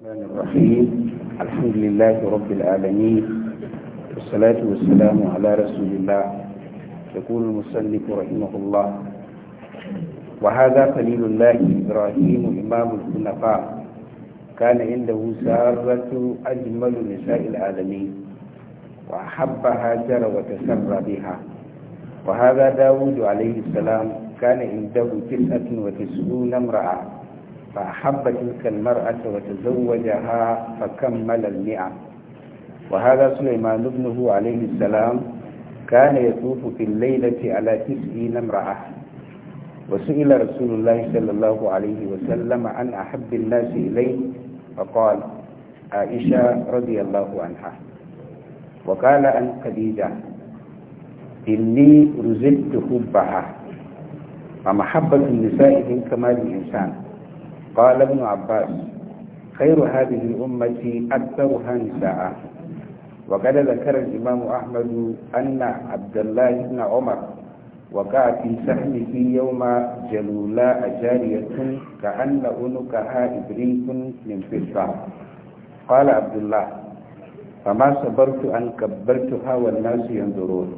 الرحمن الرحيم الحمد لله رب العالمين والصلاة والسلام على رسول الله يقول المسلك رحمه الله وهذا خليل الله إبراهيم إمام الخلفاء كان عنده سارة أجمل نساء العالمين وأحبها هاجر وتسرى بها وهذا داود عليه السلام كان عنده تسعة وتسعون امرأة فأحب تلك المرأة وتزوجها فكمل المئة وهذا سليمان ابنه عليه السلام كان يطوف في الليلة على تسعين امرأة وسئل رسول الله صلى الله عليه وسلم عن أحب الناس إليه فقال عائشة رضي الله عنها وقال عن خديجة إني رزقت حبها فمحبة النساء من كمال الإنسان قال ابن عباس خير هذه الأمة أكثرها نساء وقد ذكر الإمام أحمد أن عبد الله بن عمر وقع في سحمه يوم جلولاء جارية كأن أنكها إبريق من فضة قال عبد الله فما صبرت أن كبرتها والناس ينظرون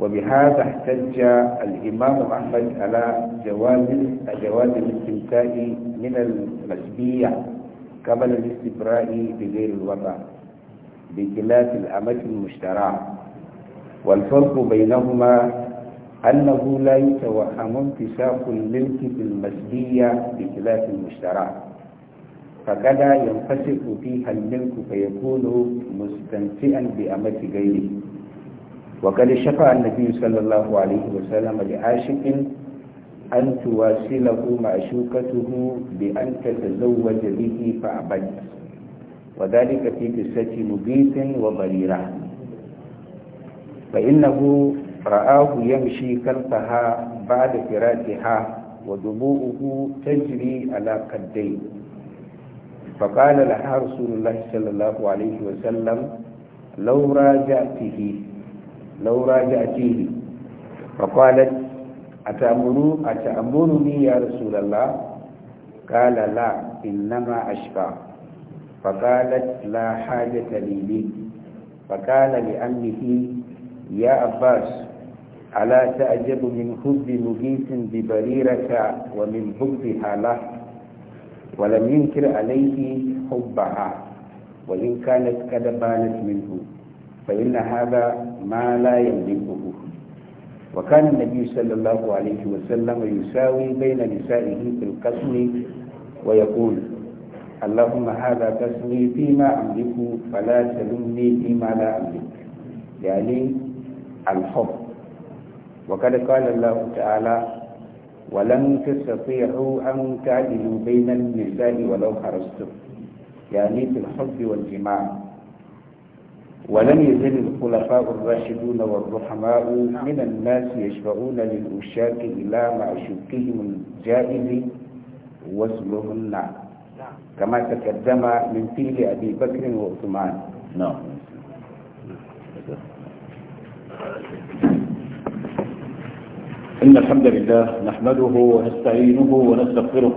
وبهذا احتج الإمام أحمد على جواز جواز الاستمتاع من المشبية قبل الاستبراء بغير الوضع بخلاف الأمة المشتراه والفرق بينهما أنه لا يتوهم انتشاف الملك بالمسبية بخلاف المشترى فكذا ينفسق فيها الملك فيكون مستنسئا بأمة غيره وقد شفع النبي صلى الله عليه وسلم لعاشق أن تواصله معشوقته بأن تتزوج به فأبت وذلك في قصة مبيت وضريرة فإنه رآه يمشي خلفها بعد فراتها ودموعه تجري على قديه فقال لها رسول الله صلى الله عليه وسلم لو راجعته لو راجعتيه فقالت أتأمر أتأمرني يا رسول الله قال لا إنما أشقى فقالت لا حاجة لي لي فقال لأمه يا عباس ألا تعجب من حب مجيس ببريرة ومن حبها له ولم ينكر عليه حبها وإن كانت قد بانت منه فإن هذا ما لا يملكه وكان النبي صلى الله عليه وسلم يساوي بين نسائه في القسم ويقول اللهم هذا قسمي فيما أملك فلا تلمني فيما لا أملك يعني الحب وقد قال الله تعالى ولن تستطيعوا أن تعدلوا بين النساء ولو حرصتم يعني في الحب والجماع ولم يزل الخلفاء الراشدون والرحماء من الناس يشفعون للأشاك إلى معشوقهم الجائز وصلهن نعم. كما تقدم من فعل أبي بكر وعثمان نعم إن الحمد لله نحمده ونستعينه ونستغفره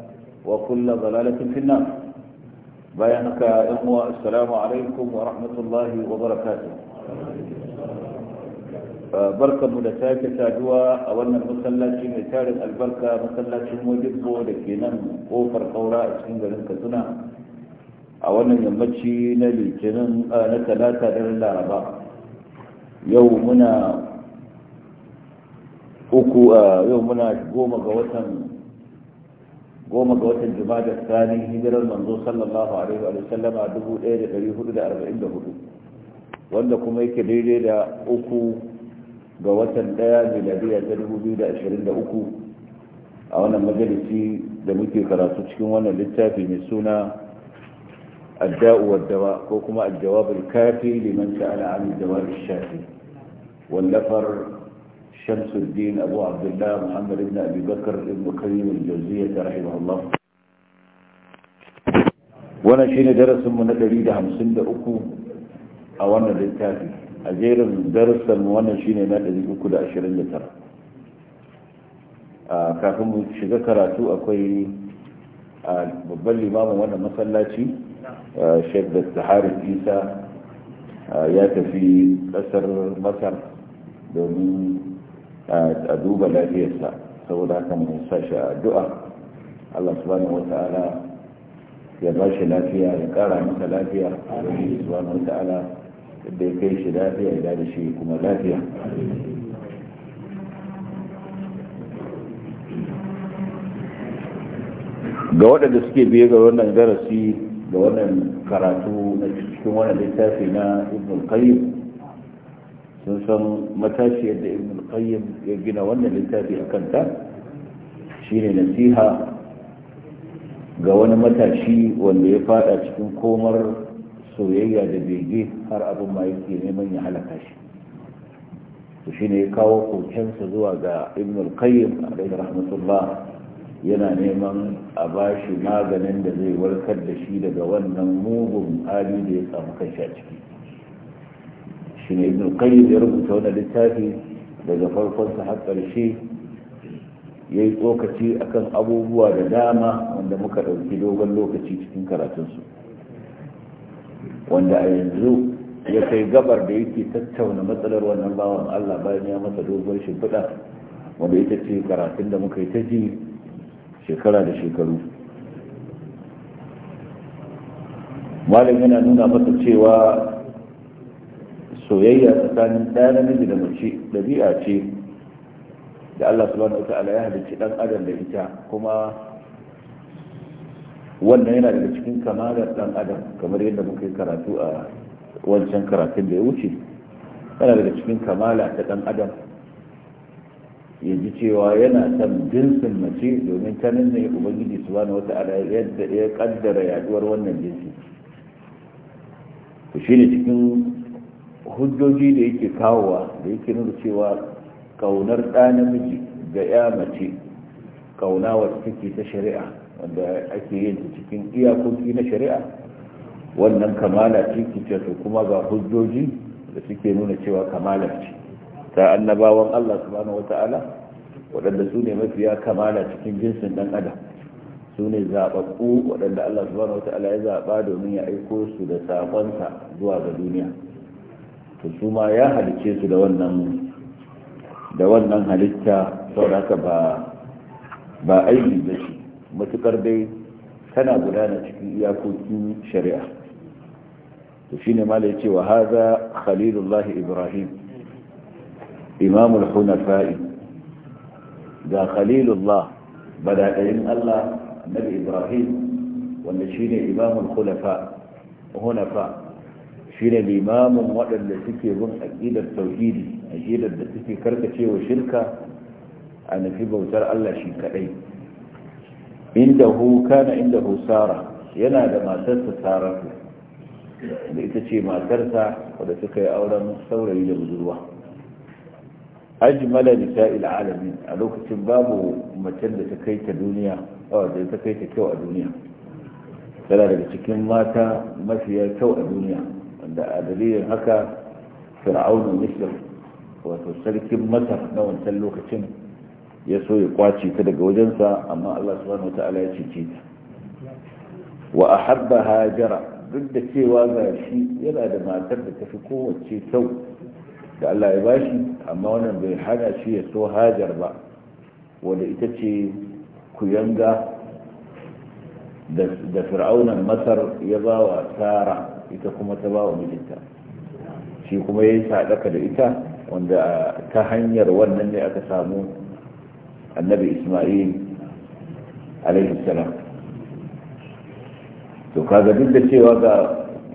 wa kullu bayan haka nan bayan ka inna assalamu alaikum wa rahmatullahi wa barakatuh barka da take tajuwa a wannan musallaci mai tarin albarka masallacin mujibbo da kenan kofar kaura a cikin garin Kaduna a wannan yammaci na litinin na talata da laraba yau muna muna goma ga watan goma ga watan jumada tsani hijirar manzo sallallahu alaihi wa sallama 1444 wanda kuma yake daidai da uku ga watan daya miladiya ta 2023 a wannan majalisi da muke karatu cikin wannan littafi mai suna الداء والدواء وكما الجواب الكافي لمن سأل عن الدواء الشافي wallafar. شمس الدين أبو عبد الله محمد بن أبي بكر بن كريم الجوزية رحمه الله وانا شين درس من الدليل همسن أكو أوانا للتالي أجير درس وانا شين نالذي أكو لأشرين لترى kafin mu shiga karatu akwai babban limamin wannan masallaci sheikh da saharin isa ya tafi kasar masar a duba lafiyarsa saboda haka mu sa shi a addu'a Allah subhanahu wata'ala ya ba shi lafiya ya kara masa lafiya a wani subhanahu wata'ala da ya kai shi lafiya ya da shi kuma lafiya ga waɗanda suke biye ga wannan darasi da wannan karatu na cikin wannan littafi na ibn qayyim sun san matashi da ibn qayyim ya gina wannan littafi a kanta shine nasiha ga wani matashi wanda ya fada cikin komar soyayya da bege har abin ma yake neman ya halaka shi to shine ya kawo kokensa zuwa ga ibn qayyim alayhi rahmatullah yana neman a ba shi maganin da zai warkar da shi daga wannan mugun hali da ya samu kanshi a ciki shi ne ibn qayyim ya rubuta wannan littafi daga farkon sa har ƙarshe yayi yi tsokaci akan abubuwa da dama wanda muka ɗauki dogon lokaci cikin karatunsu wanda a yanzu ya kai gabar da yake tattauna matsalar wannan bawan allah bayan ya masa dogon shimfiɗa wanda ita ce karatun da muka yi ta ji shekara da shekaru malam yana nuna masa cewa soyayya tsakanin ɗaya namiji da mace ɗabi'a ce da Allah subhanahu wata'ala ya halicci ɗan adam da ita kuma wannan yana daga cikin kamalar ɗan adam kamar yadda muka yi karatu a wancan karatun da ya wuce yana daga cikin kamala ta ɗan adam ya ji cewa yana son jinsin mace domin ta nan ne ubangiji subhanahu ala yadda ya kaddara yaduwar wannan jinsi to shine cikin hujjoji da yake kawowa da yake nuna cewa kaunar ɗa namiji ga ya mace kauna wacce take ta shari'a wanda ake yin ta cikin iyakoki na shari'a wannan kamala ce ce to kuma ga hujjoji da suke nuna cewa kamala ce ta annabawan Allah subhanahu wata'ala waɗanda su ne mafiya kamala cikin jinsin ɗan adam su ne zaɓaɓɓu waɗanda Allah subhanahu wata'ala ya zaɓa domin ya aiko su da saƙonsa zuwa ga duniya to su ma ya halice su da wannan halitta sauraka ba ba aiki da shi matukar dai tana gudana cikin iyakokin shari'a to shine mala yace wa hadha khalilullah ibrahim imamul hunafa'i ga khalilullah badaɗayin Allah annabi ibrahim wanda shine imamul hunafa shine limamin waɗanda suke bin aƙidar tauhidi aƙidar da suke karkacewa shirka a nufi bautar Allah shi kaɗai inda hu kana inda hu sara yana da matarsa saratu da ita ce matarsa wadda suka yi auren saurayi da budurwa ajmala il alami a lokacin babu macen da ta kai ta duniya da ta kai ta kyau a duniya tana daga cikin mata mafiya kyau a duniya da a haka fir'aunin misir wato sarkin masar na wancan lokacin ya so ya kwace ta daga wajensa amma allah subhanahu wa ta'ala ya cece ta wa a hajara duk da cewa ga shi yana da matar da tafi kowace sau da allah ya bashi amma wannan bai hana shi ya so hajar ba wanda ita ce kuyanga da fir'aunan masar ya ba wa ita kuma ta ba wa mijinta shi kuma ya yi sadaka da ita wanda ta hanyar wannan ne aka samu annabi ismail alaihi salam to kaga duk da cewa ga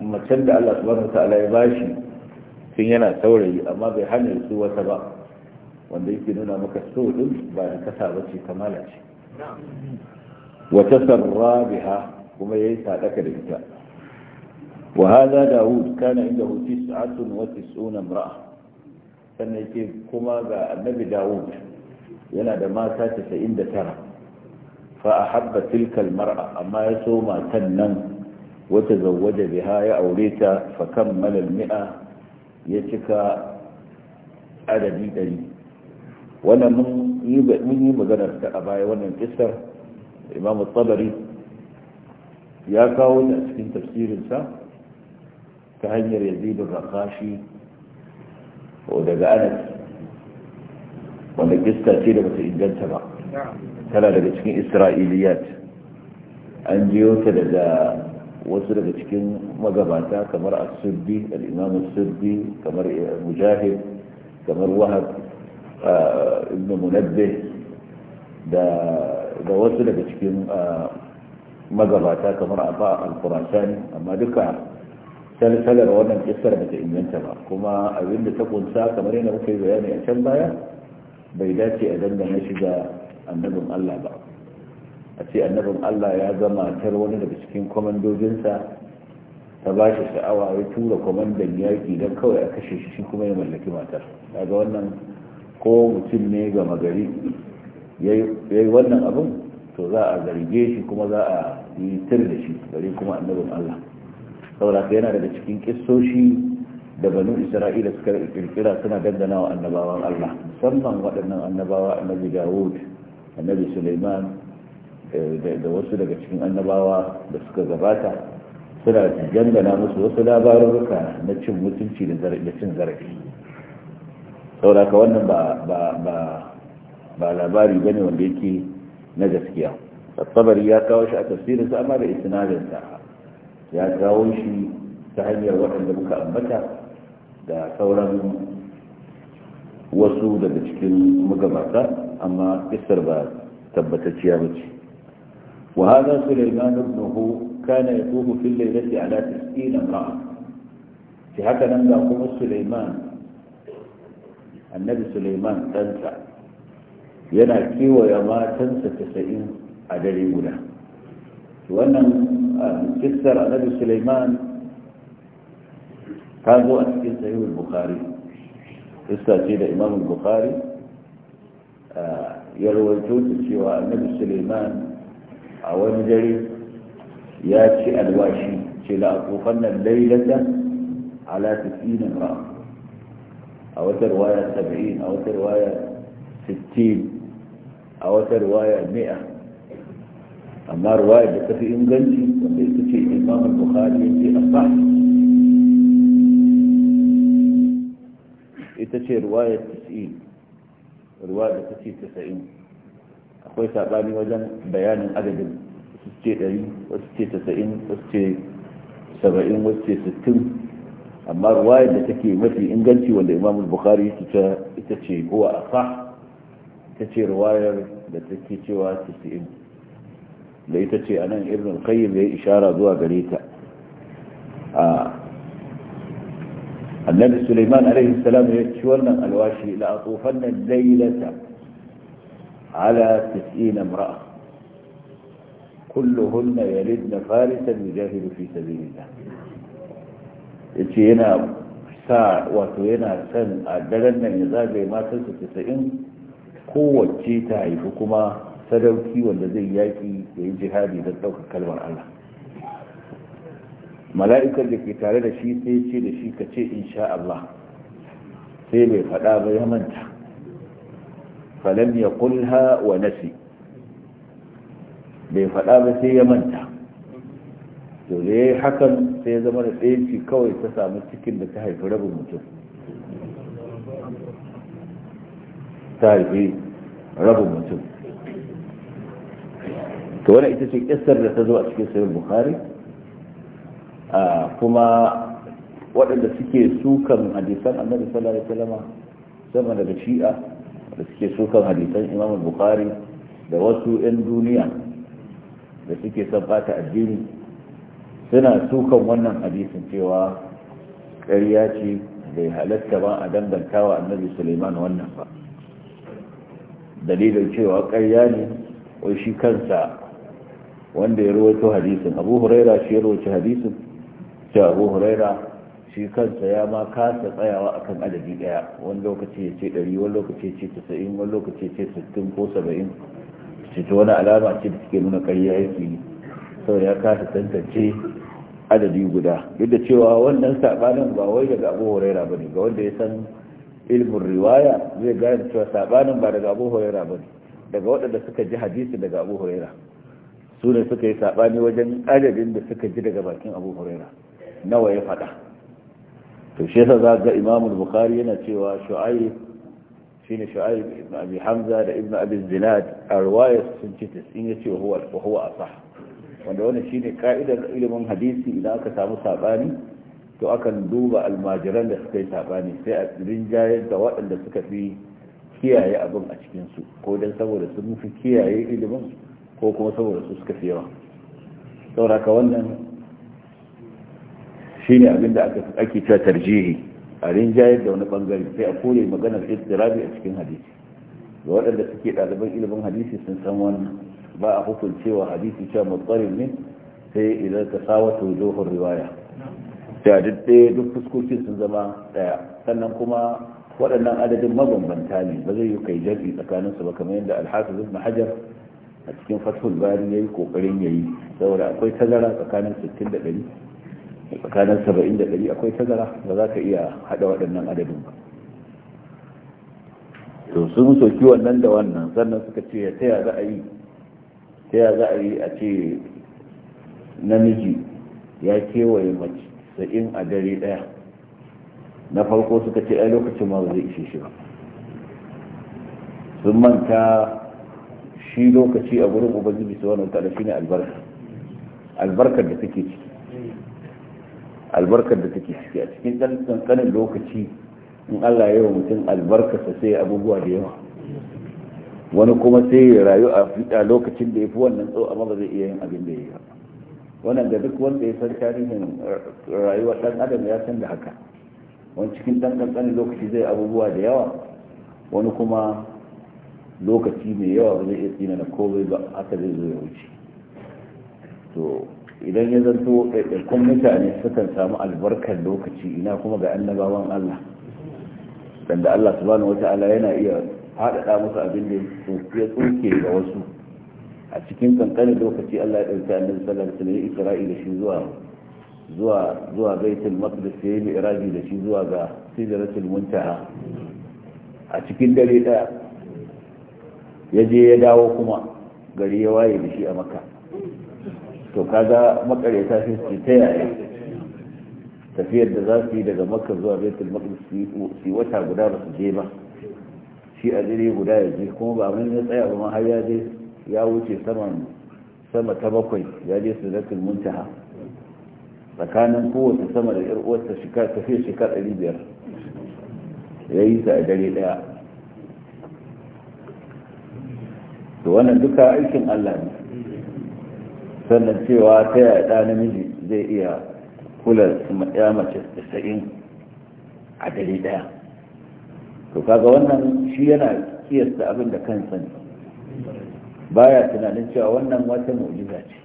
macen da Allah subhanahu ta'ala ya bashi tun yana saurayi amma bai hana su wata ba wanda yake nuna maka so din ba da kasa ba ce kamala ce wata sarra biha kuma yayi sadaka da ita وهذا داود كان عنده تسعة وتسعون امرأة سنتي كما النبي داود yana da mata da tara fa ahabba tilkal mar'a amma ya so matan nan wata zawwaja biha ya aure ta fa kammala almi'a ya cika adadi 100 wannan mun yi mun a baya wannan kisar Imam Tabari ya kawo ta cikin tafsirin sa تهجر يزيد الرقاشي ودقى أنس ونجس تأثير بس إنجان سبع ترى لكي إسرائيليات أنجيو تدى وصل لكي مقاباتا كمرا السبي الإمام السبي كمرا مجاهد كمرا وهب ابن منبه دا دا وصل لكي مقاباتا كمرا أطاء القرآن أما دكا salsalar wannan kisar da ta inganta ba kuma abin da ta kunsa kamar yana muka yi bayani a can baya bai dace a dangana shi ga annabin Allah ba a ce annabin Allah ya a matar wani daga cikin kwamandojinsa ta ba shi sha'awa ya tura kwamandan yaƙi don kawai a kashe shi kuma ya mallaki matar daga wannan ko mutum ne ga magari ya yi wannan abin to za a zarge shi kuma za a yi tir da shi gari kuma annabin Allah saboda yana daga cikin kissoshi da banu isra'ila suka kirkira suna dandana wa annabawan Allah musamman waɗannan annabawa annabi Dawud annabi suleiman eh, da wasu daga cikin annabawa da suka gabata suna dangana musu wasu labaruka na cin mutunci da cin zarafi sauraka wannan ba labari ba ne labari wanda yake na gaskiya tsabari ya kawo shi a tafsirinsa amma da isnadinsa ya kawo shi ta hanyar waɗanda muka ambata da sauran wasu daga cikin magabata amma isar ba tabbatacciya ba ce wa haza suleiman ibn hu kana yatufu fil laylati ala 90 imra'a fi haka nan ga kuma suleiman annabi suleiman dan yana kewaya matansa matan a dare guda wannan ah, kissar annabi suleiman ta zo a cikin sahihul bukhari kissa ce da imamul bukhari ah, ya rawaito ta cewa annabi suleiman a wani dare ya ci alwashi ce la akufan nan ala tisina ra a wata waya 70 a wata waya 60 a wata waya 100 amma ruwaya da tafi inganci wanda ita ce imam al-bukhari ya ce asah ita ce ruwaya 90 ruwaya da ta 90 akwai sabani wajen bayanin adadin su ce 100 wasu ce 90 wasu ce 70 wasu ce 60 amma ruwaya da take mafi inganci wanda imam al-bukhari ita ce huwa asah ita ce ruwayar da take cewa 90 da ita ce anan ibn al-qayyim ya ishara zuwa gare ta annabi suleiman alaihi salam ya ci wannan alwashi la atufanna laylata ala 90 imra'a kulluhunna yalidna farisan yujahidu fi sabilillah yace yana sa wato yana san a daren nan ya zagaye matansa 90 kowace ta haifi kuma sadauki wanda zai yaƙi da yi jihadi don ɗaukar kalmar Allah mala'ikar da ke tare da shi sai ce da shi ka ce insha Allah sai bai faɗa ba ya manta falam ya kulha wa nasi bai faɗa ba sai ya manta to da ya yi hakan sai ya zama da tsayanci kawai ta samu cikin da ta haifi rabin mutum ta haifi rabin mutum to wannan ita ce kissar da ta zo a cikin sahih bukhari a kuma waɗanda suke sukan hadisan annabi sallallahu alaihi wasallam sama daga shi'a da suke sukan hadisan imam bukhari da wasu 'yan duniya da suke son fata addini suna sukan wannan hadisin cewa ƙarya ce bai halatta ba a danganta wa annabi suleiman wannan ba dalilin cewa ƙarya ne wai shi kansa wanda ya rawaito hadisin abu huraira shi ya rawaito hadisin ce abu huraira shi kansa ya ma kasa tsayawa akan adadi daya wani lokaci ya ce 100 wani lokaci ya ce 90 wani lokaci ya ce 60 ko 70 ce ta wani alama ce da suke nuna ƙarya yake yi sau ya kasa tantance adadi guda duk da cewa wannan sabanin ba wai daga abu huraira ba ne ga wanda ya san ilmin riwaya zai gane cewa sabanin ba daga abu huraira ba ne daga waɗanda suka ji hadisi daga abu huraira su ne suka yi saɓani wajen adadin da suka ji daga bakin abu huraira nawa ya faɗa to shi yasa za ga imamul bukhari yana cewa shu'aib shine shu'aib ibn abi hamza da ibn abi zinad a sun ce ta ya ce huwa huwa asah wanda wannan shine ka'idar ilimin hadisi idan aka samu saɓani to akan duba almajiran da suka yi saɓani sai a rinjayar da waɗanda suka fi kiyaye abin a cikinsu ko don saboda sun fi kiyaye ilimin ko kuma saboda su suka fi yawa sauraka wannan shi ne abinda ake cewa tarjihi a rinjayar da wani bangare sai a kore maganar istirabi a cikin hadisi ga waɗanda suke ɗaliban ilimin hadisi sun san wannan ba a hukuncewa hadisi cewa matsarin ne sai idan ta sawata wujohun riwaya da duk fuskokin sun zama ɗaya sannan kuma waɗannan adadin mabambanta ne ba zai yi kai jabi tsakaninsu ba kamar yadda alhafiz ibn hajar a cikin fathul bari ya yi kokarin ya yi saboda akwai tazara tsakanin 60 da 100 tsakanin 70 da 100 akwai tazara ba za ka iya hada waɗannan adadin ba to sun soki wannan da wannan sannan suka ce ya taya za a yi taya za a yi a ce namiji ya kewaye mace sa'in a dare ɗaya na farko suka ce ai lokacin ma ba zai ishe shi ba sun manta shi lokaci a gurin ubangiji su wani tare shi ne albarka albarkar da take ciki albarkar da take ciki a cikin ɗan ƙanƙanin lokaci in allah yawa mutum albarkarsa sai abubuwa da yawa wani kuma sai ya rayu a lokacin da ya fi wannan tsawo amma ba zai iya yin abin da ya yi ba wannan da duk wanda ya san tarihin rayuwar ɗan adam ya san da haka wani cikin ɗan ƙanƙanin lokaci zai abubuwa da yawa wani kuma lokaci mai yawa ba zai iya tsina na komai ba haka zai zo ya wuce to idan ya zanto ɗaiɗaikun mutane sukan samu albarkar lokaci ina kuma ga annabawan Allah dan da Allah subhanahu wata'ala yana iya haɗaɗa musu abin da ya tsoke ga wasu a cikin kankanin lokaci Allah ya ɗauki annabi sallallahu alaihi wasallam Isra'i da shi zuwa zuwa zuwa baitul maqdis ya yi da shi zuwa ga sidratul muntaha a cikin dare ɗaya ya je ya dawo kuma gari ya waye da shi a makka to kaga makareta sai su ta yaya tafiyar da za su yi daga makka zuwa baitul maqdis su wata guda ba su je ba shi a jire guda ya je kuma ba mun ya tsaya ba har ya je ya wuce saman sama ta bakwai ya je su zakul muntaha tsakanin kowace sama da yar uwarta shika tafiyar shika 500 yi ta a dare daya to wannan duka aikin Allah ne sannan cewa ta yaya ɗa namiji zai iya kula ya mace da sa'in a dare ɗaya to kaga wannan shi yana kiyasta abin da kansa ne baya tunanin cewa wannan wata mu'jiza ce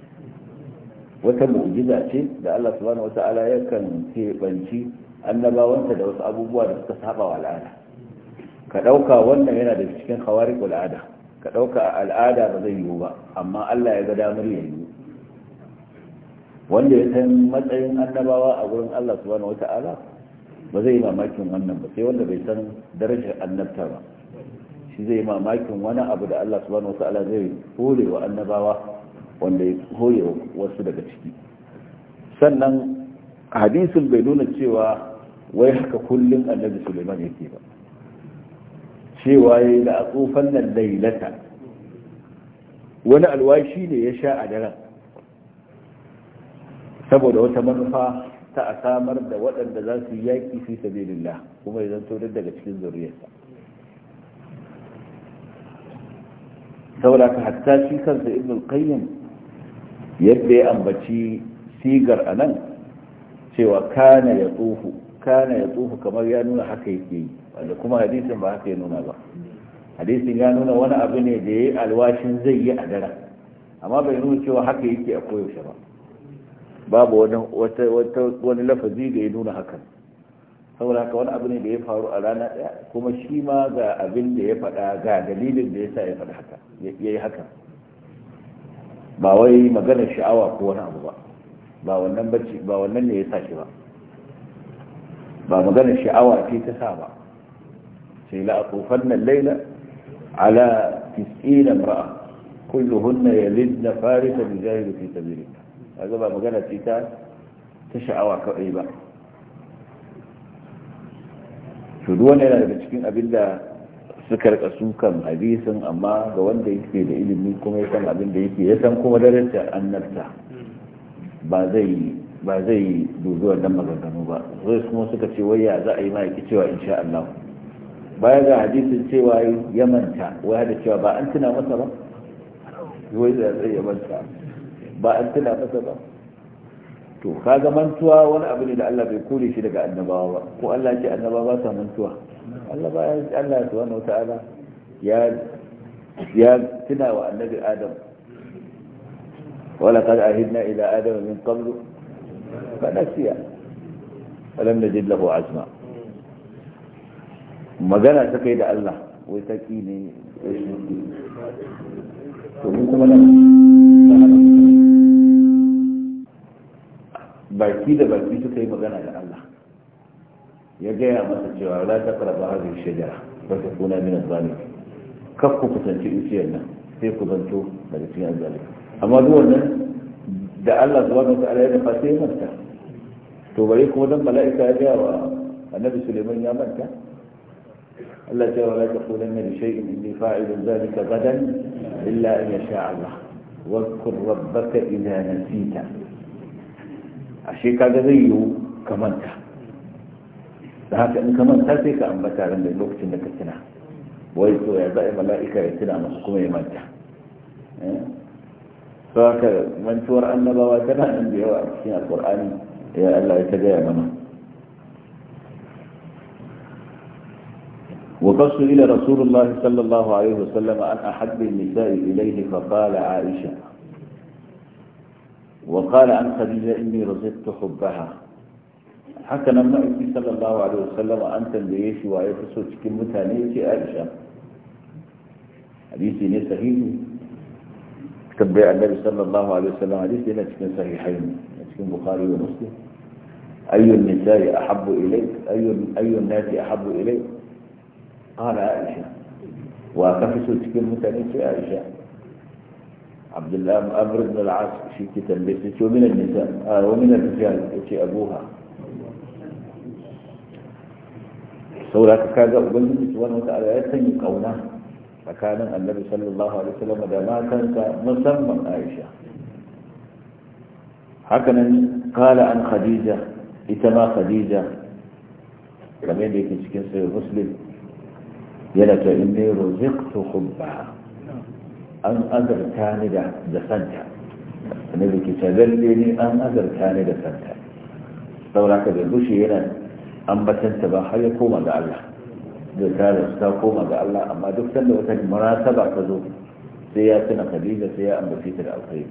wata mu'jiza ce da Allah subhanahu wata'ala yakan keɓanci annabawanta da wasu abubuwa da suka saba wa al'ada ka ɗauka wannan yana da cikin hawari al'ada ka ɗauka a al'ada ba zai yiwu ba amma Allah ya ga damar ya yiwu wanda ya san matsayin annabawa a gurin Allah subhanahu wata'ala ba zai yi mamakin wannan ba sai wanda bai san darajar annabta ba shi zai yi mamakin wani abu da Allah subhanahu wata'ala zai hore wa annabawa wanda ya hore wasu daga ciki sannan hadisin bai nuna cewa wai haka kullum annabi Suleiman yake ba cewa ya yi da a tsofan nan lailata wani alwashi ne ya sha a daren saboda wata manufa ta a samar da waɗanda za su yi yaƙi fi sabilillah kuma ya zanto daga cikin zuriyarsa saboda ka hatta shi kansa ibn qayyim yadda ya ambaci sigar anan cewa kana ya tsufa kana ya kamar ya nuna haka yake yi wanda kuma hadisin ba haka ya nuna ba hadisin ya nuna wani abu ne da ya yi alwashin zai yi a dara amma bai nuna cewa haka yake a koyaushe ba babu wani lafazi da ya nuna hakan saboda haka wani abu ne da ya faru a rana ɗaya kuma shi ma ga abin da ya faɗa ga dalilin da ya sa ya faɗa haka ya yi haka ba wai maganar sha'awa ko wani abu ba ba wannan ba wannan ne ya sa shi ba ba maganar sha'awa ce ta sa ba sai la atufanna laila layla ala 90 imra'a kulluhunna yalidna farisa da zahiri fi sabilillah kaga ba magana ce ta ta sha'awa kawai ba to duk yana daga cikin abin da suka rika sukan hadisin amma ga wanda yake da ilimi kuma ya san abin da yake ya san kuma darajar annabta ba zai ba zai dubi wannan maganganu ba zai kuma suka ce wai ya za a yi ma yake cewa insha Allah baya ga hadisin cewa ya manta waya da cewa ba an tuna masa ba wai da zai ya manta ba an tuna masa ba to kaga mantuwa wani abu ne da Allah bai kore shi daga annabawa ba ko Allah ce annabawa ba ta mantuwa Allah ba ya Allah subhanahu ala ya ya tuna wa annabi Adam ahidna ila إلى min qablu fa nasiya alam najid lahu azma magana ta kai da Allah wai ta ki ne to mun kuma nan baki da baki suka yi magana da Allah ya gaya masa cewa la ta karba hazin shajara ba ta kuna min zalimi kaf ku kusanci uciyar nan sai ku zanto daga cikin zalimi amma duk wannan da Allah zuwa wa ta'ala ya dafa sai manta to bare kuma dan mala'ika ya gaya wa annabi Suleiman ya manta التي ولا تقولن لشيء اني فاعل ذلك غدا الا ان يشاء الله واذكر ربك اذا نسيت الشيء هذا غيو كمنت ذهبت ان كمنت تلك ام بتا لما الوقت انك تنا ويسوع يا بائع ملائكه يتنا مسكوم يمنت إيه؟ فهكذا من سور النبوات انا انبياء في القران يا الله يتجاهل منه وقص إلى رسول الله صلى الله عليه وسلم أن أحب النساء إليه فقال عائشة وقال عن خديجة إني رزقت حبها حتى لما أتي صلى الله عليه وسلم أن تنبيش وعيفسه تكلم ثانية عائشة حديثي ليس صحيح تبع النبي صلى الله عليه وسلم حديثي ليس صحيحين تكلم البخاري ومسلم أي النساء أحب إليك أي, أي الناس أحب إليك قال عائشة وقف سلت كلمتا نسي عائشة عبد الله أمر بن العاص شي كتنبسته ومن النساء آه، ومن الرجال وشي أبوها سورة كذا أقول لك سبحانه وتعالى يتني قونا فكان النبي صلى الله عليه وسلم إذا ما كانت مسمى عائشة حكنا قال عن خديجة إتما خديجة كما يكن سكين سير مسلم يلك إني رزقت خبا أن أدر كاندة دسنتا نبي كتابليني أن أدر كاندة دسنتا فوراك بلوشي هنا أن بسنت بحي كوما دع الله دسالة ستاكوما دع الله أما دكتن لوتك مناسبة تزوك سياسنا قديدة سياء مفيت الأرقيم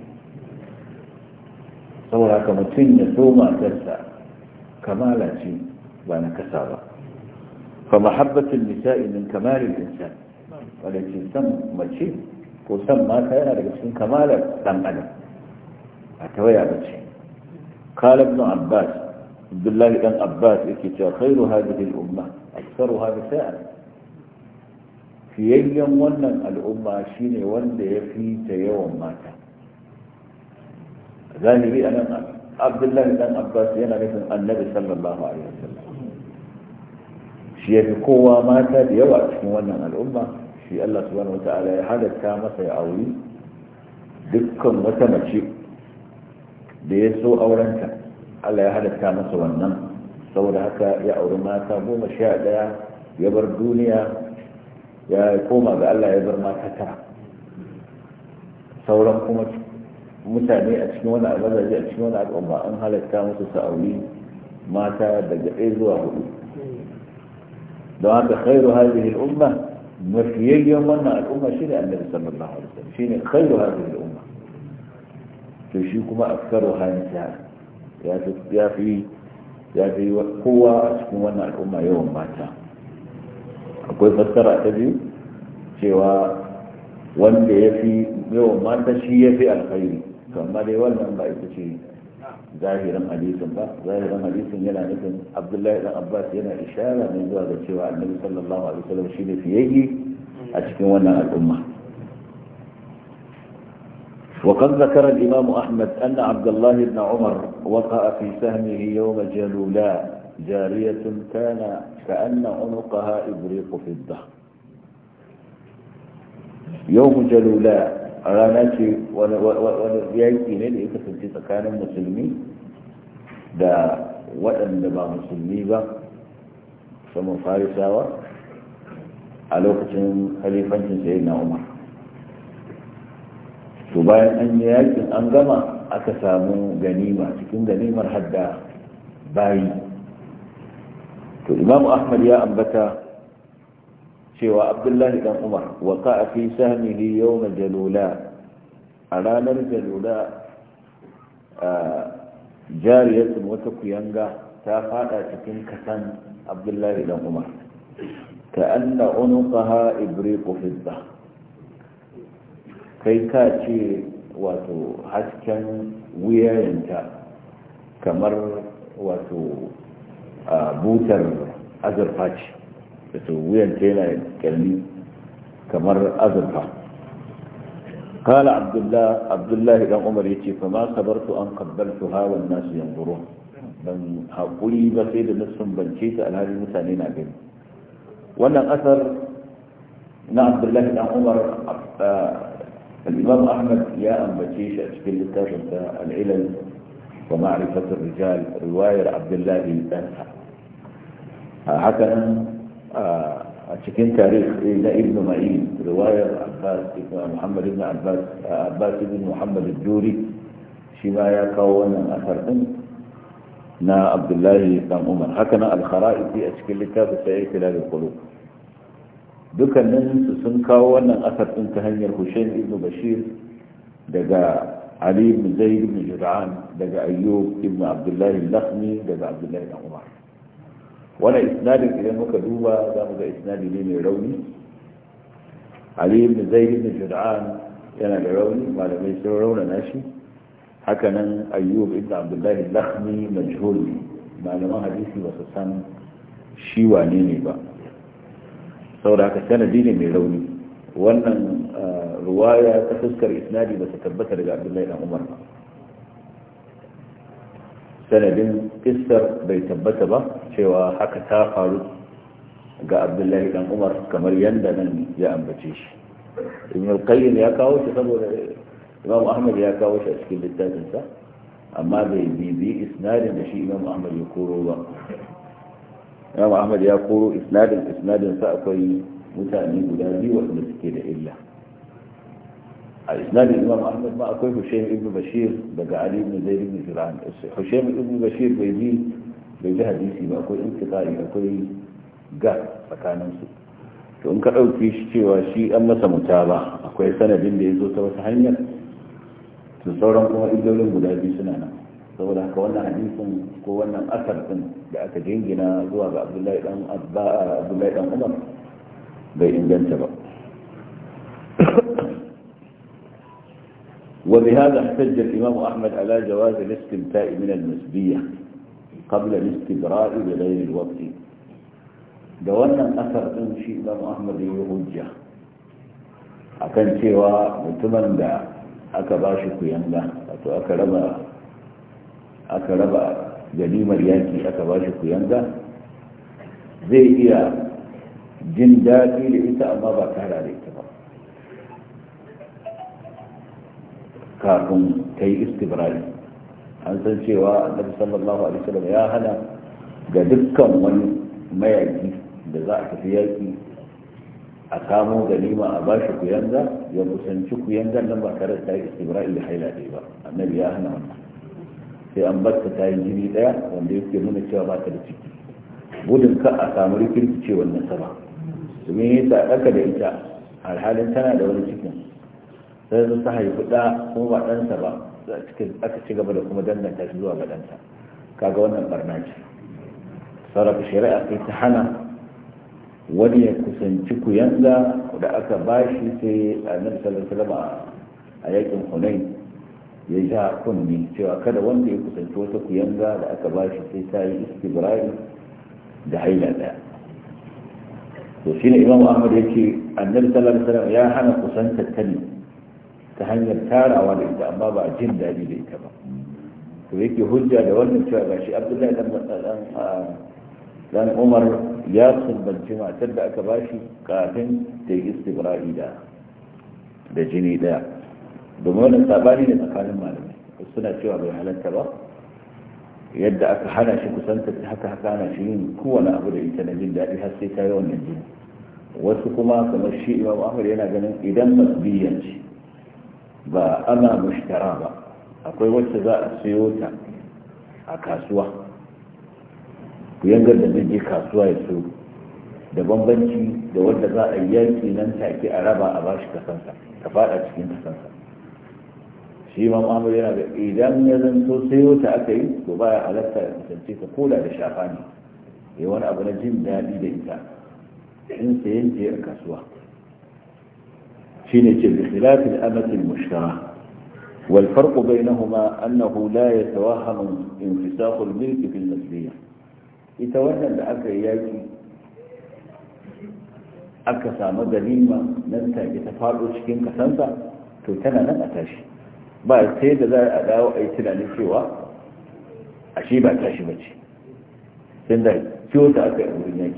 فوراك متين سوما تنسا كمالا شيء وانا كسابة فمحبة النساء من كمال الإنسان ولكن سم مجي وسم ما كان لكن كمال لم أنا أتويا بجي قال ابن عباس عبد الله بن عباس إكتا إيه خير هذه الأمة أكثرها نساء في يوم ونن الأمة شين ون في يوم مات ذاهبي أنا عبد الله بن عباس ينعرف النبي صلى الله عليه وسلم shi ya fi kowa mata da yawa a cikin wannan al'umma shi Allah subhanahu wata'ala ya halatta masa ya auri dukkan wata mace da ya so aurenta Allah ya halatta masa wannan saboda haka ya auri mata goma sha ɗaya ya bar duniya ya koma ga Allah ya bar mata tara sauran kuma mutane a cikin wani al'azaji a cikin wani al'umma an halatta musu sa'auri mata daga ɗaya zuwa hudu don haka khairu hadhihi al-umma mafiyayyen wannan al'umma shine annabi sallallahu alaihi wasallam ne khairu hadhihi al-umma to shi kuma afkaru hanisa ya ya fi ya fi kowa a cikin wannan al'umma yawan mata akwai fassara ta biyu cewa wanda ya fi yawan mata shi ya fi alkhairi amma dai wannan ba ita ce ظاهرا حديثا ب ظاهرا حديثا يلا مثل عبد الله بن عباس يلا إشارة من ذلك الشواء النبي صلى الله عليه وسلم شيء في يجي أشكونا الأمة وقد ذكر الإمام أحمد أن عبد الله بن عمر وقع في سهمه يوم جلولا جارية كان كأن عنقها إبريق في الدهر يوم جلولا a rana ce wani yaƙi ne da ya kasance tsakanin musulmi da waɗanda ba musulmi ba saman farisawa a lokacin halifancin sai na umar to bayan an yi yaƙin an gama aka samu ganima cikin ganimar hadda bayi to imamu ahmad ya ambata cewa abdullahi dan umar wa ka fi sahmihi yawma jalula a ranar jalula jariyarsu wata kuyanga ta fada cikin kasan abdullahi dan umar ka anna unuqaha ibriqu fidda kai ka ce wato hasken wuyayenta kamar wato butar azurfa ce يتوبوية الكيلة الكلمين كمر أذرها قال عبد الله عبد الله إلى عمر يتي فما خبرت أن قبلتها والناس ينظرون من هقولي بسيد نفسهم بنشيت على هذه المسانين عبين وأن الأثر نعم بالله الله إلى عمر الإمام أحمد يا أم بنشيش أشكل التاجم العلل ومعرفة الرجال رواية عبد الله إلى حتى في آه، تاريخ إلى ابن معين رواية عباس ابن محمد بن عباس عباس بن محمد الجوري شماية قوانا أثر أن نا عبد الله بن عمر حكنا الخرائط في أشكلك في خلال القلوب دوكا ننس سن قوانا أثر أن تهني الحسين ابن بشير دقا علي بن زيد بن جدعان دقا أيوب ابن عبد الله اللخمي دقا عبد الله بن عمر wannan isnadin idan muka duba za mu ga isnadi ne mai rauni ali ibn zaid ibn jud'an yana da rauni malamai sun rauna shi haka nan ayyub ibn al lakhmi majhul malaman hadisi ba su san shi wane ne ba saboda haka sanadi ne mai rauni wannan ah, ruwaya ta fuskar isnadi ba su tabbata daga abdullahi dan umar ba sanadin kissar bai tabbata ba cewa haka ta faru ga abdullahi dan umar kamar yadda nan ya ambace shi ibn al ya kawo shi saboda imam ahmad ya kawo shi a cikin littafinsa amma bai bibi isnadin da shi imam ahmad ya koro ba imam ahmad ya koro isnadin isnadin sa akwai mutane guda biyu wanda suke da illa a isnadin imam ahmad ma akwai hushaim ibn bashir daga ali ibn zaid ibn jiran hushaim ibn bashir bai ji bai ji hadisi ba akwai intiqai akwai ga tsakanin su to in ka dauke shi cewa shi an masa mutaba akwai sanadin da ya zo ta wata hanyar to sauran kuma idolin guda biyu suna nan saboda haka wannan hadisin ko wannan asar din da aka jingina zuwa ga abdullahi dan abdullahi dan umar bai inganta ba وبهذا احتج الإمام أحمد على جواز الاستمتاع من المسبية قبل الاستبراء بغير الوقت دولنا الأثر أنشي الامام أحمد يهجة أكن سوى متمنى أكباشك ينلى أتو أكرم أكرم جنيم الياكي أكباشك ينلى زي إيا جنداتي لإتأمى بكارة الاتفاع kafin ta yi istibrari an san cewa annabi sallallahu alaihi wasallam ya hana ga dukkan wani mayaki da za a tafi yaki a samo ganima a bashi kuyanga ya kusanci kuyangan nan ba tare da ta yi istibra'i da haila ɗaya ba annabi ya hana wannan sai an barta ta yi jini ɗaya wanda yake nuna cewa ba ta da ciki gudun ka a samu ce wannan sama domin yi ɗaka da ita alhalin tana da wani cikin sai zo ta haifi ɗa kuma ba ɗansa ba aka ci gaba da kuma danganta shi zuwa ga ɗansa kaga wannan barna ce sarrafa shari'a kai ta hana wani ya kusanci kuyanga da aka ba shi sai annabi sallallahu alaihi wasallam a yakin hunain ya ja kunni cewa kada wanda ya kusanci wata kuyanga da aka ba shi sai ta yi istibra'i da haila daya to shine imam ahmad ce annabi sallallahu alaihi wasallam ya hana kusantar ta ne ta hanyar tarawa da ita amma ba jin daɗi da ita ba to yake hujja da wannan cewa gashi abdullahi dan umar ya sumbanci matar da aka bashi kafin ta yi istibra'i da da jini daya domin wannan sabani ne tsakanin malamai suna cewa bai halatta ba yadda aka hana shi kusan ta haka haka hana shi yin kowane abu da ita na jin daɗi har sai ta yi wannan jini wasu kuma kamar shi imam ahmad yana ganin idan masbiyan biyanci. ba ana mushtara ba akwai wacce za a siyo ta a kasuwa ku yanga da zai kasuwa ya so da bambanci da wanda za a yanki nan take a raba a bashi kasansa ka fada cikin kasansa shi ma yana da idan ya zanto sayo ta aka yi to baya halatta ya kasance ka koda da shafa ne ya wani abu na jin daɗi da ita in sayan je a kasuwa شين بخلاف الأمة المشترى والفرق بينهما أنه لا يتوهم انفساق الملك في المسلية يتوهم لأكا إياكي أكا ساما دليما ننتا يتفاعل شكين كسانسا توتنا لن أتاشي بعد sai da أداو أي سنة a yi tunanin بجي a shi أكا أبو ba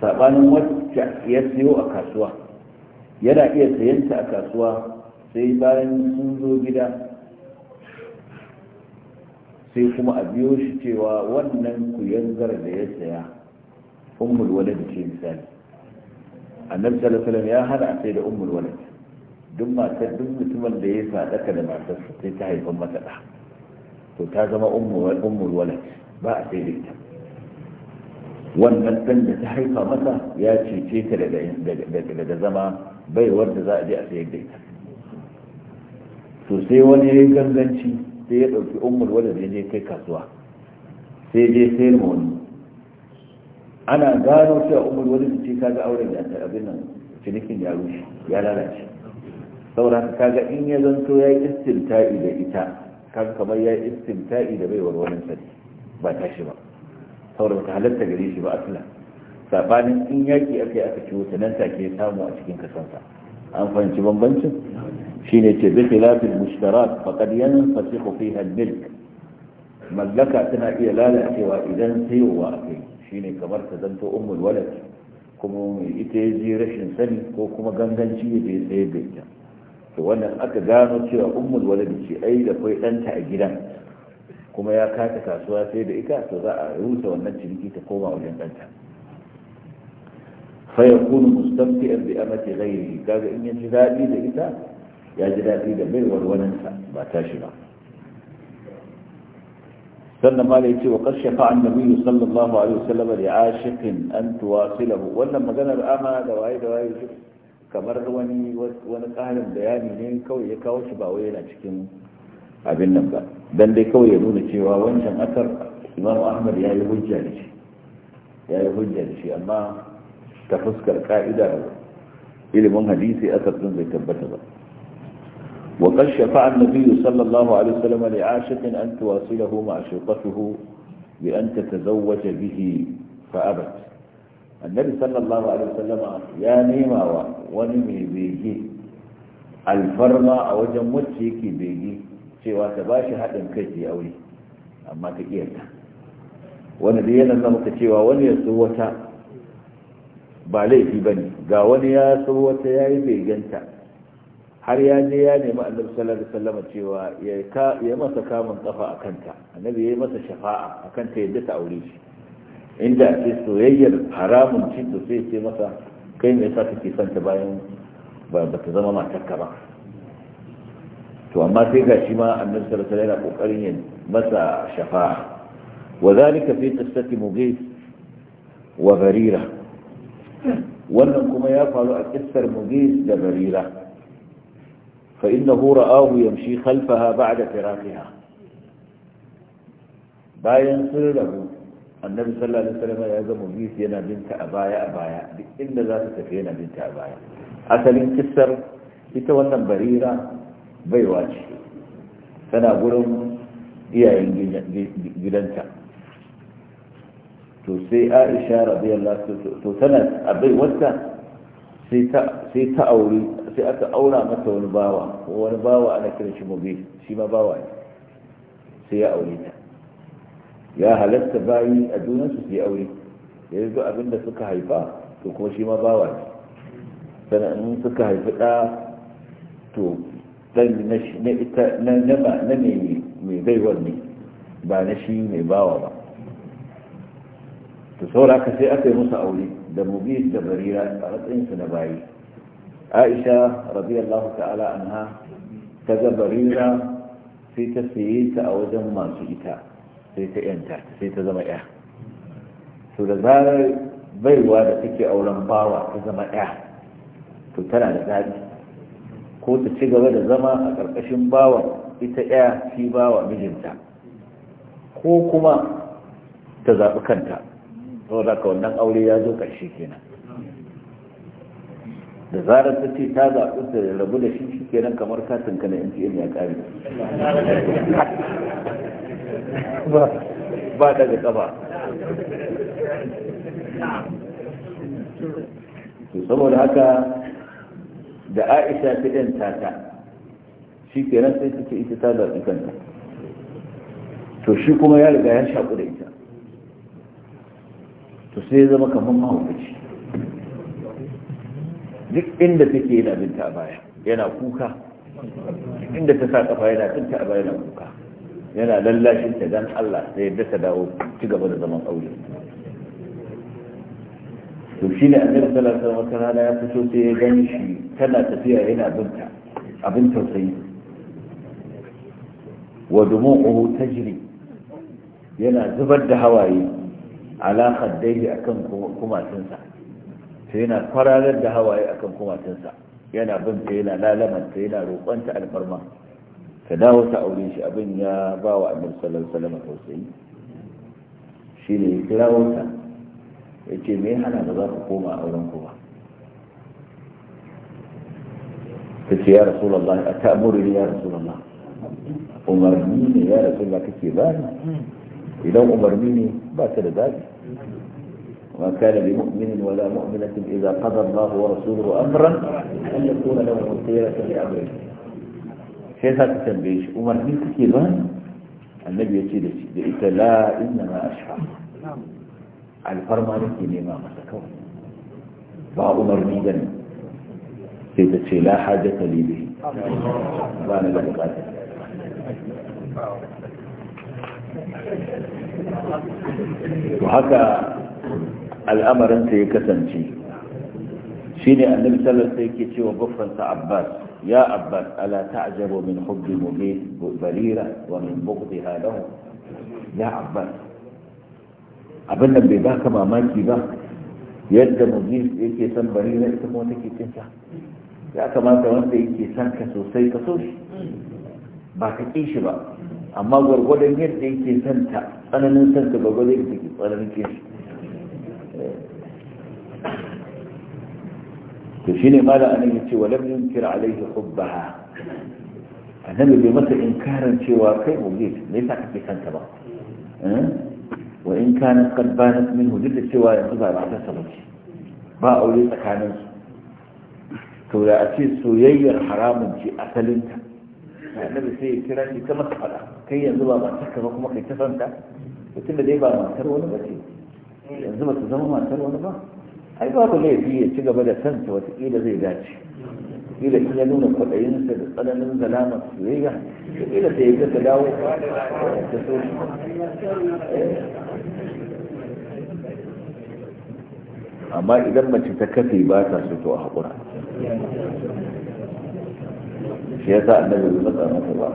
سابانا موت da ciwo yana iya sayanta a kasuwa sai bayan sun zo gida sai kuma a biyo shi cewa wannan kuyangar da ya saya ummul walad ce misali annabi sallallahu alaihi ya hana sai da umul walad duk matar duk mutumin da ya sadaka da matar sai ta haifa mata da to ta zama umul walad ba a sai da ita wannan dan da ta haifa mata ya cece ta daga daga zama bai wanda za a je a sayar da ita to sai wani ya ganganci sai ya ɗauki umar wanda zai je kai kasuwa sai je sayar ma wani ana gano cewa umar wani da ce ga auren da ta abin nan cinikin ya rushe ya lalace saboda kaga in ya zanto ya yi istimta'i da ita kan kamar ya yi istimta'i da baiwar wani sani ba tashi ba saboda ka halatta gare shi ba aslan sabanin in yaki aka yi aka ci ta nan take samu a cikin kasansa an fahimci bambancin shine ce bi khilafil mushtarat faqad yanfasikhu fiha al-milk mallaka tana iya lalacewa idan a akai shine kamar ta zanto ummul walad kuma ita ya rashin sani ko kuma ganganci da ya je sayar da ita to wannan aka gano cewa ummul walad ce ai da kai danta a gidan kuma ya kata kasuwa sai da ita to za a rusa wannan ciniki ta koma wajen danta فيكون مستمتئا بامه غيره كذا ان يا لئتا يجدادي لبر والولن باتاشرا سنة ما ليتي وقد شفع النبي صلى الله عليه وسلم لعاشق أن تواصله ولما ما قال الأمة دواي دواي كمر وني ونقال بياني نين كوي يكاو شبا وينا تشكين نبقى بل لي كوي يدون تشيوا وانشان أثر إمام أحمد يا يهجى لشي يا يهجى لشي أما ta fuskar إلي ilimin hadisi asabin bai tabbata ba وقد شفع النبي صلى الله عليه وسلم لعاشق أن تواصله مع شرطته بأن تتزوج به فأبت النبي صلى الله عليه وسلم يا نيما ونمي به الفرما أو فيك به سوى تباشي حتى كيتي أوي أما تكيرتا ونبينا da yana zama ta ba laifi ba ne ga wani ya so wata ya yi beganta har ya je ya nemi annabi sallallahu alaihi wasallam cewa ya masa kamun kafa a kanta annabi ya yi masa shafa'a a kanta yadda ta aure shi inda ake soyayyar haramun cin da sai ce masa kai me yasa kake son ta bayan ba ba ta zama ka ba to amma sai ga shi ma annabi sallallahu alaihi wasallam yana kokarin ya masa shafa'a wa zalika fi qissati mughis wa gharira wannan kuma ya faru a kissar mugis da barira fa innahu ra'ahu yamshi khalfaha ba'da firaqiha bayan sun rabu annabi sallallahu alaihi wasallam ya ga mugis yana binta a baya a baya duk inda za ta tafi yana binta a baya asalin kissar ita wannan barira bai wace tana gurin iyayen gidanta to sai aisha radiyallahu to tana bai wata sai ta aure sai aka aura mata wani bawa wani bawa ana kiran shi mubi shi ma bawa ne sai ya aure ta ya halatta bayi a junansu su yi aure ya yi abin da suka haifa to kuma shi ma bawa ne sannan in suka haifi ɗa to ɗan na mai baiwar ne ba na shi mai bawa ba to saura ka sai aka yi musu aure da mubi da barira a matsayinsu na bayi aisha radiyallahu ta'ala anha ta ga barira sai ta saye ta a wajen masu ita sai ta yanta sai ta zama ya to da zarar baiwa da take auren bawa ta zama ya to tana da zaɓi ko ta ci gaba da zama a ƙarƙashin bawa ita ya fi bawa mijinta ko kuma ta zaɓi kanta sau da ka wannan aure ya zo ƙarshe kenan da zarar ta ce ta zaɓi da rabu da shi shi kenan kamar katin ka na mtn ya ƙari ba daga ƙafa saboda haka da aisha ta ɗan tata shi kenan sai ta ce ita ta zaɓi kanta to shi kuma ya riga ya shaƙu da ita to sai zama kamar mahaukaci duk inda take yana binta a baya yana kuka inda ta sa kafa yana binta a baya yana kuka yana lallashin ta dan Allah sai yadda ta dawo ci gaba da zaman aure to shi ne annabi sallallahu alaihi wasallam rana ya fito sai ya gani shi tana tafiya yana binta abin tausayi wa dumu'uhu tajri yana zubar da hawaye ala khaddaihi akan kumatinsa sai yana kwararar da hawaye akan kumatinsa yana bin ta yana lalamanta yana roƙonta alfarma ta dawo ta aure shi abin ya ba wa annabi sallallahu alaihi tausayi shi ne ya kira wata ya ce me hana ba za ku koma auren ku ba ta ce ya rasulallah a ta'amuri ya rasulallah umarni ne ya rasulallah kake ba ni idan umarni ne باكر ذلك ما كان لمؤمن ولا مؤمنة إذا قضى الله ورسوله أمرا أن يكون له خيرة لأمره كيف هذا التنبيه؟ ومن هي كيبان النبي يقول لك لا إنما أشعر الفرما لك لما مسكوا فأمر نيدا سيدة لا حاجة لي به ما أنا لك to haka al'amarinsa ya kasance shi ne annabi sallarsa yake cewa buffansa abbas ya abbas ala ta'jabu min hubbi mubi barira wa min bughdi halahu ya abbas abin nan bai baka mamaki ba yadda mubi yake san barira ita kuma take cin sa ya kamata wanda yake san ka sosai ka so shi ba ka ƙi shi ba amma gwargwadon yadda yake santa tsananin santa gwargwadon yadda yake tsananin kishi to shi ne mala anan ya ce walam yunkir alaihi hubbaha annabi bai masa inkarin cewa kai mugis me yasa kake santa ba wa in kana qad banat minhu duk da cewa yanzu ba ta saba ce ba aure tsakanin su to da a ce soyayyar haramun ce asalinta annabi sai ya kira shi ta masa fada kai yanzu ba matar ka ba kuma kai ta santa mutum da dai ba matar wani ba ce yanzu ba ta zama matar wani ba ai babu laifi ya ci gaba da santa watakila zai dace kila in ya nuna kwaɗayinsa da tsananin zalamar soyayya da kila ta yi ta dawo ta so amma idan mace ta kafe ba ta so to a haƙura shi ya sa annabi bai matsa mata ba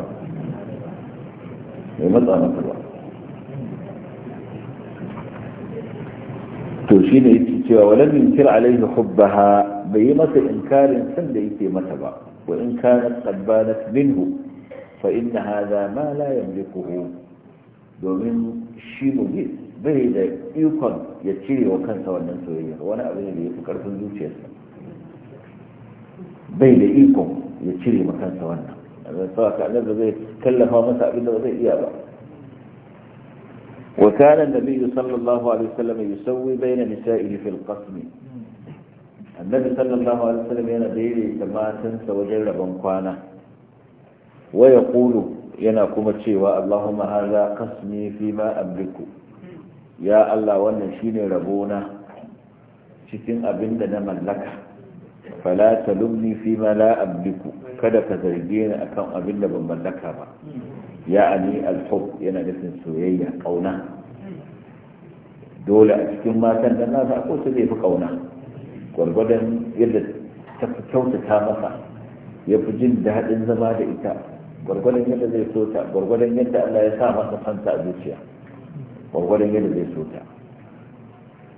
bai matsa masa ba to shi ne yake cewa walam kira alaihi hubbaha bai yi masa inkarin san da yake mata ba wa in kanat qad banat minhu fa inna hadha ma la yamlikuhu domin shi mugi bai da ikon ya cire wa kansa wannan soyayya wani abu ne da ya fi karfin zuciyarsa bai da ikon ya cire ma kansa wannan abinsa ka annar zai kallafa masa abinda ba zai iya ba wakanan da biyu sallallahu alaihi mai yusawi bai na nisa'ihi fil kasmi annabi sallallahu alaihi wasallam yana daidaita matansa wajen rabon kwana waya kulu yana kuma cewa allahumma haza kasmi fi ma abliku ya allah wannan shine rabona cikin abinda na mallaka fala talumni fi ma la abliku kada ka zarge ni akan abin da ban mallaka ba ya ani alhub yana nufin soyayya kauna dole a cikin matan da nasa akwai su zai fi kauna gwargwadon yadda ta fi kyautata masa ya fi jin daɗin zama da ita gwargwadon yadda zai so ta gwargwadon yadda Allah ya sa masa fanta a zuciya gwargwadon yadda zai so ta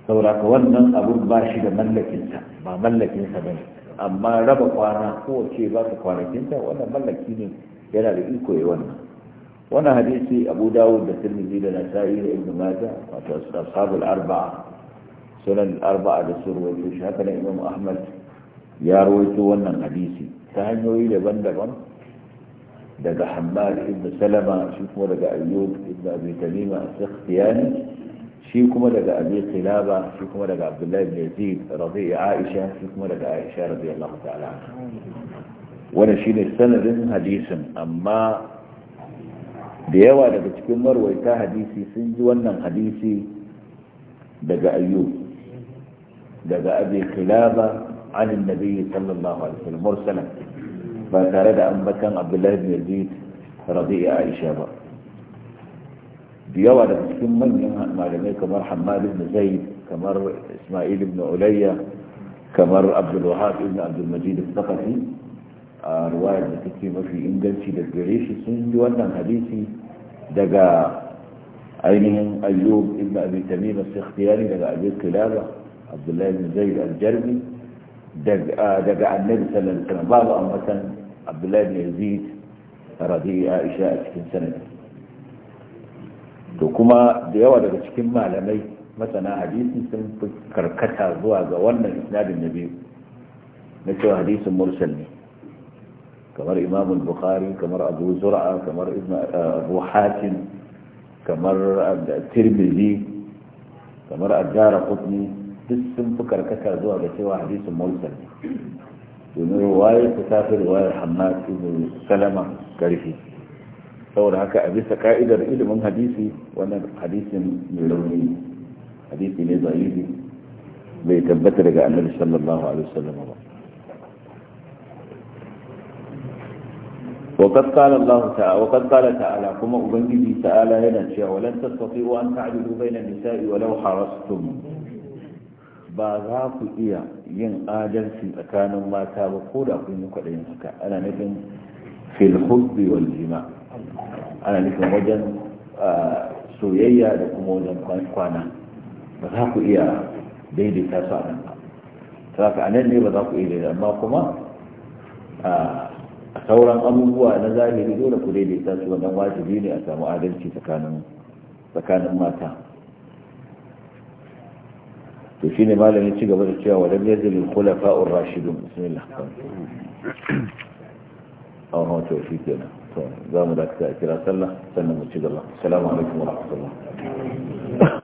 saboda wannan abun ba shi da mallakinsa ba mallakinsa ba ne amma raba kwana ko ce ba ta kwanakinta wannan mallaki ne yana da iko ya wannan wannan hadisi abu dawud da tirmidhi da nasa'i da ibn majah wato ashabul arba'a sunan arba'a da surwai shi haka ne imam ahmad ya rawaito wannan hadisi ta hanyoyi daban-daban daga hammad ibn salama shi kuma daga ayyub ibn abi tamima as-sakhtiyani shi kuma daga abi kilaba shi kuma daga abdullahi bin yazid radiya aisha shi kuma daga aisha radiyallahu ta'ala wannan shine sanadin hadisin amma da yawa daga cikin marwaita hadisi sun ji wannan hadisi daga ayyub daga abi kilaba عن النبي sallallahu alaihi wasallam وسلم مرسلا فترد أنبتا عبد الله بن يزيد رضيء عائشة بقى da yawa daga cikin manyan malamai kamar hammad ibn zaid kamar isma'il ibn ulayya kamar abdul wahab ibn abdul majid al-thaqafi a ruwayar da take mafi inganci da gare shi sun yi wannan hadisi daga ainihin ayyub ibn abi tamim al-sikhtiyani daga abi kilaba abdullahi ibn zaid al-jarmi daga annabi sallallahu alaihi wasallam babu ambatan abdullahi ibn yazid radiya aisha a cikin sanadin to kuma da yawa daga cikin malamai masana hadisi sun fi karkata zuwa ga wannan isnadin na biyu na cewa hadisin mursal ne kamar imam bukhari kamar abu zur'a kamar eh, abu hatim kamar eh, tirmidhi kamar ajara qutni duk sun fi karkata zuwa ga cewa hadisin mursal ne domin ruwayar ta fi ruwayar hamad ibn salama karfi saboda haka a bisa ka'idar ilimin hadisi wannan hadisin mai hadisi ne zaidi bai tabbata daga annabi sallallahu alaihi wasallam ba وقد قال الله تعالى وقد قال تعالى كما أبنجي تعالى هنا شيء ولن تستطيعوا أن تعدلوا بين النساء ولو حرصتم ba za ku iya yin adalci tsakanin mata ba ko da kun yi kwaɗayin haka ana nufin filhubbi wal jima ana nufin wajen soyayya da kuma wajen kwana ba za ku iya daidaita su a nan ba ta ka anan ne ba za ku iya daidaita amma kuma a sauran abubuwa na zahiri dole ku daidaita su wannan wajibi ne a samu adalci tsakanin mata to shi ne malamin ci gaba da cewa wadanda ya zilin kula fa'ur rashidun bismillah a wani wata wasu kenan za mu dakata a kira sallah sannan mu ci gaba assalamu alaikum wa rahmatullah